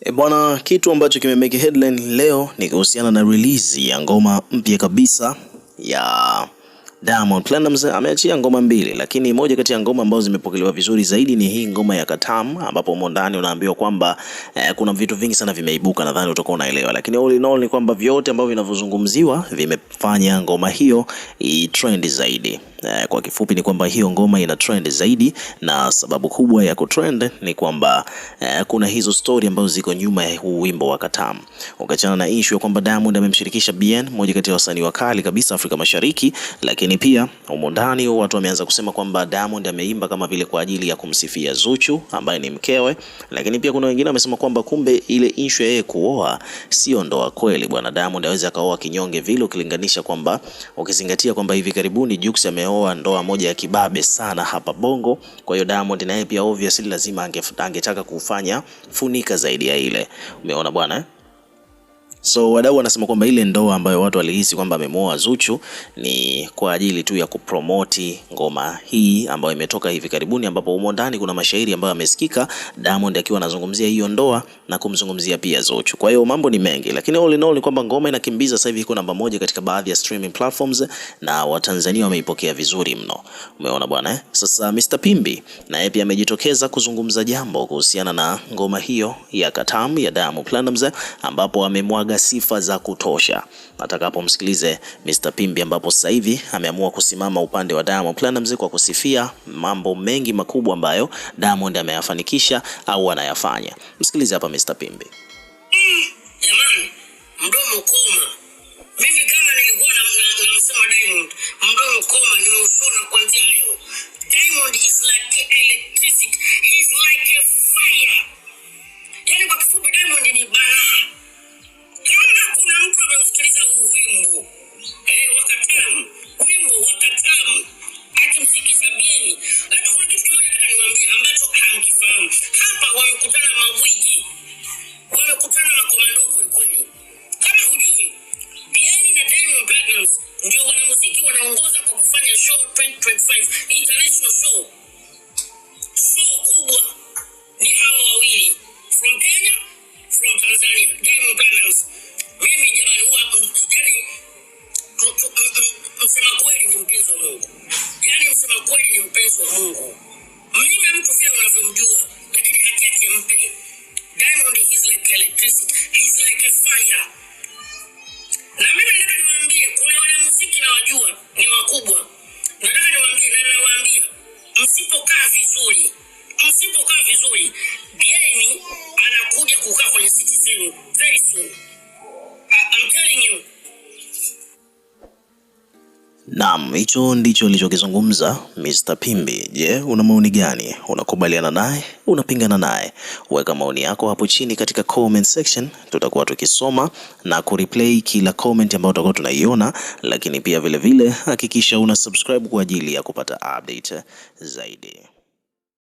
E bwana, kitu ambacho kimemeke headline leo ni kuhusiana na release ya ngoma mpya kabisa ya Diamond Platnumz ameachia ngoma mbili, lakini moja kati ya ngoma ambazo zimepokelewa vizuri zaidi ni hii ngoma ya Katam, ambapo humo ndani unaambiwa kwamba eh, kuna vitu vingi sana vimeibuka, nadhani utakuwa unaelewa, lakini all in all ni kwamba vyote ambavyo vinavyozungumziwa vimefanya ngoma hiyo trend zaidi. Eh, kwa kifupi ni kwamba hiyo ngoma ina trend zaidi, na sababu kubwa ya kutrend ni kwamba eh, kuna hizo story ambazo ziko nyuma ya huu wimbo wa Katam, ukachana na issue ya kwamba Diamond amemshirikisha Bien, moja kati ya wasanii wakali kabisa Afrika Mashariki, lakini lakini pia humo ndani watu wameanza kusema kwamba Diamond ameimba kama vile kwa ajili ya kumsifia Zuchu ambaye ni mkewe, lakini pia kuna wengine wamesema kwamba kumbe ile issue ya yeye kuoa sio ndoa kweli. Bwana Diamond aweza akaoa kinyonge vile, ukilinganisha kwamba ukizingatia kwamba hivi karibuni Jux ameoa ndoa moja ya kibabe sana hapa Bongo. Kwa hiyo Diamond naye pia obviously lazima angetaka ange kufanya funika zaidi ya ile, umeona bwana. Eh? So wadau wanasema kwamba ile ndoa ambayo watu walihisi kwamba amemwoa Zuchu ni kwa ajili tu ya kupromoti ngoma hii ambayo imetoka hivi karibuni, ambapo humo ndani kuna mashairi ambayo amesikika Diamond akiwa anazungumzia hiyo ndoa na kumzungumzia pia Zuchu. Kwa hiyo mambo ni mengi, lakini all in all ni kwamba ngoma inakimbiza sasa hivi iko namba moja katika baadhi ya streaming platforms na Watanzania wameipokea vizuri mno. Umeona bwana eh? Sasa Mr Pimbi naye pia amejitokeza kuzungumza jambo kuhusiana na ngoma hiyo ya Katamu ya Diamond Platnumz ambapo amemwaga na sifa za kutosha. Atakapomsikilize Mr Pimbi, ambapo sasa hivi ameamua kusimama upande wa Diamond Platnumz kwa kusifia mambo mengi makubwa ambayo Diamond ameyafanikisha au anayafanya. Msikilize hapa Mr Pimbi. Mm, jamani mdomo kuma anaongoza kwa kufanya show 2025 international show. Show kubwa ni hawa wawili from Kenya, from Tanzania, Diamond Platnumz. Mimi jamani, huwa yani, msema kweli ni mpenzi wa Mungu, yani msema kweli ni mpenzi wa Mungu. nawajua ni wakubwa. Nataka niwaambie na nawaambia, msipokaa vizuri, msipokaa vizuri, Bieni anakuja kukaa kwenye siti zenu very soon. I'm telling you. Naam, hicho ndicho alichokizungumza Mr. Pimbi. Je, una maoni gani? Unakubaliana naye? Unapingana naye? Weka maoni yako hapo chini katika comment section, tutakuwa tukisoma na kureplay kila comment ambayo tutakuwa tunaiona, lakini pia vilevile hakikisha una subscribe kwa ajili ya kupata update zaidi.